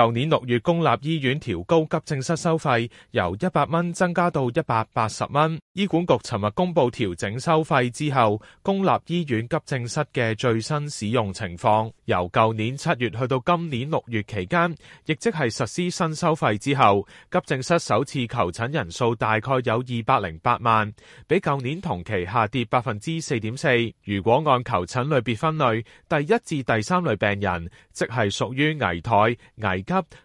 舊年六月，公立醫院調高急症室收費，由一百蚊增加到一百八十蚊。醫管局尋日公布調整收費之後，公立醫院急症室嘅最新使用情況，由舊年七月去到今年六月期間，亦即係實施新收費之後，急症室首次求診人數大概有二百零八萬，比舊年同期下跌百分之四點四。如果按求診類別分類，第一至第三類病人，即係屬於危殆、危。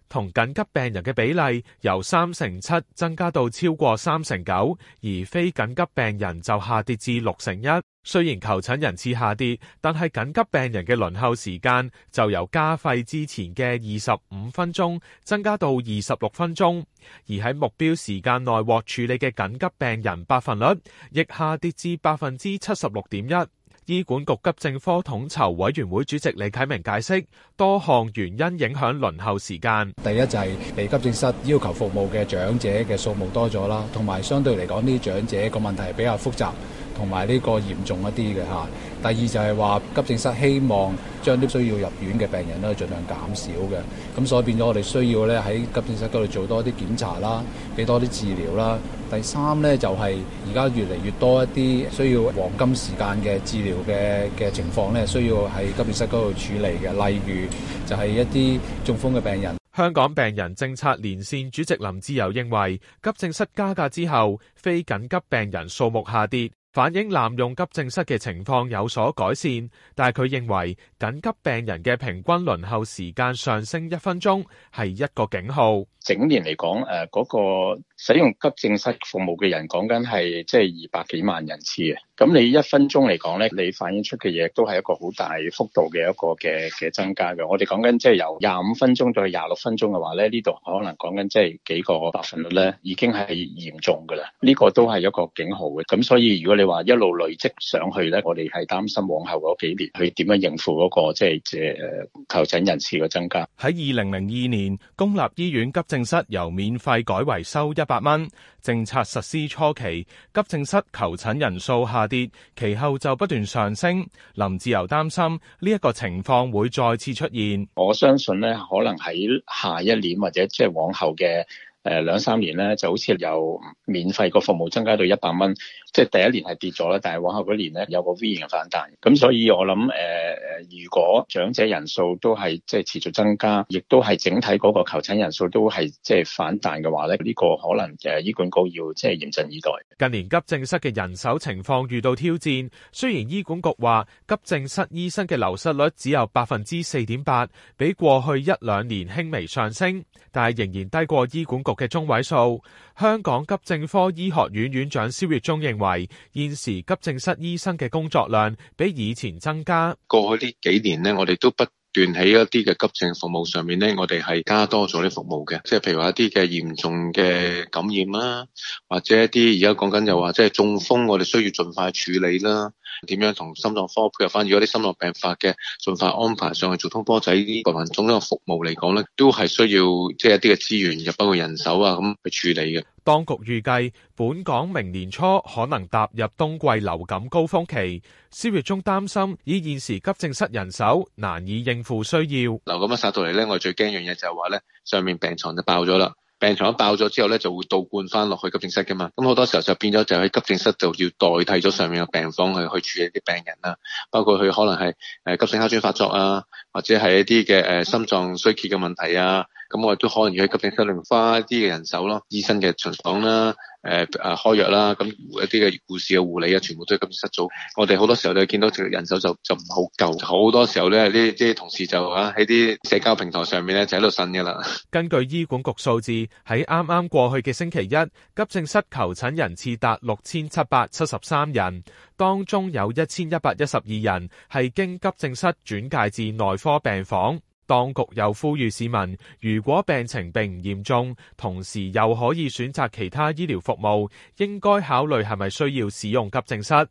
同緊急病人嘅比例由三成七增加到超過三成九，而非緊急病人就下跌至六成一。雖然求診人次下跌，但係緊急病人嘅輪候時間就由加費之前嘅二十五分鐘增加到二十六分鐘，而喺目標時間內獲處理嘅緊急病人百分率亦下跌至百分之七十六點一。醫管局急症科統籌委員會主席李啟明解釋，多項原因影響輪候時間。第一就係被急症室要求服務嘅長者嘅數目多咗啦，同埋相對嚟講呢啲長者個問題比較複雜。同埋呢個嚴重一啲嘅嚇。第二就係話急症室希望將啲需要入院嘅病人咧，盡量減少嘅，咁所以變咗我哋需要咧喺急症室嗰度做多啲檢查啦，俾多啲治療啦。第三呢，就係而家越嚟越多一啲需要黃金時間嘅治療嘅嘅情況呢需要喺急症室嗰度處理嘅，例如就係一啲中風嘅病人。香港病人政策連線主席林志友認為，急症室加價之後，非緊急病人數目下跌。反映濫用急症室嘅情況有所改善，但係佢認為緊急病人嘅平均輪候時間上升一分鐘係一個警號。整年嚟講，誒、嗰、嗰個使用急症室服務嘅人講緊係即係二百幾萬人次嘅。咁你一分鐘嚟講咧，你反映出嘅嘢都係一個好大幅度嘅一個嘅嘅增加嘅。我哋講緊即係由廿五分鐘到廿六分鐘嘅話咧，呢度可能講緊即係幾個百分率咧，已經係嚴重噶啦。呢、呢個都係一個警號嘅。咁所以如果你話一路累積上去咧，我哋係擔心往後嗰幾年，去點樣應付嗰個即係即誒求診人次嘅增加。喺二零零二年，公立醫院急症室由免費改為收一百蚊。政策實施初期，急症室求診人數下跌，其後就不斷上升。林志由擔心呢一個情況會再次出現。我相信呢，可能喺下一年或者即係往後嘅。誒兩三年咧，就好似由免費個服務增加到一百蚊，即係第一年係跌咗啦，但係往後嗰年咧有個 V 型嘅反彈。咁所以我諗誒誒，如果長者人數都係即係持續增加，亦都係整體嗰個求診人數都係即係反彈嘅話咧，呢個可能誒醫管局要即係嚴陣以待。近年急症室嘅人手情況遇到挑戰，雖然醫管局話急症室醫生嘅流失率只有百分之四點八，比過去一兩年輕微上升，但係仍然低過醫管局嘅中位數，香港急症科醫學院院長蕭粵中認為，現時急症室醫生嘅工作量比以前增加。過去呢幾年呢，我哋都不斷喺一啲嘅急症服務上面呢，我哋係加多咗啲服務嘅，即係譬如話一啲嘅嚴重嘅感染啦，或者一啲而家講緊又話即係中風，我哋需要盡快處理啦。點樣同心臟科配合翻？如果啲心臟病發嘅，盡快安排上去做通波仔呢啲群眾呢個服務嚟講咧，都係需要即係一啲嘅資源，入包括人手啊，咁去處理嘅。當局預計本港明年初可能踏入冬季流感高峰期，蕭月中擔心以現時急症室人手難以應付需要。流感一殺到嚟咧，我最驚樣嘢就係話咧，上面病床就爆咗啦。病床一爆咗之後呢，就會倒灌返落去急症室㗎嘛。咁好多時候就變咗，就喺急症室就要代替咗上面嘅病房去去處理啲病人啦。包括佢可能係誒、呃、急性哮喘發作啊，或者係一啲嘅誒心臟衰竭嘅問題啊。咁我哋都可能要喺急症室用花一啲嘅人手咯，醫生嘅巡房啦，誒誒開藥啦，咁一啲嘅護士嘅護理啊，全部都係急症室做。我哋好多時候咧見到人手就就唔好夠，好多時候咧啲同事就啊喺啲社交平台上面咧就喺度呻噶啦。根據醫管局數字，喺啱啱過去嘅星期一，急症室求診人次達六千七百七十三人，當中有一千一百一十二人係經急症室轉介至內科病房。當局又呼籲市民，如果病情並唔嚴重，同時又可以選擇其他醫療服務，應該考慮係咪需要使用急症室。